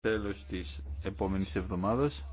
τέλος της επόμενης εβδομάδας.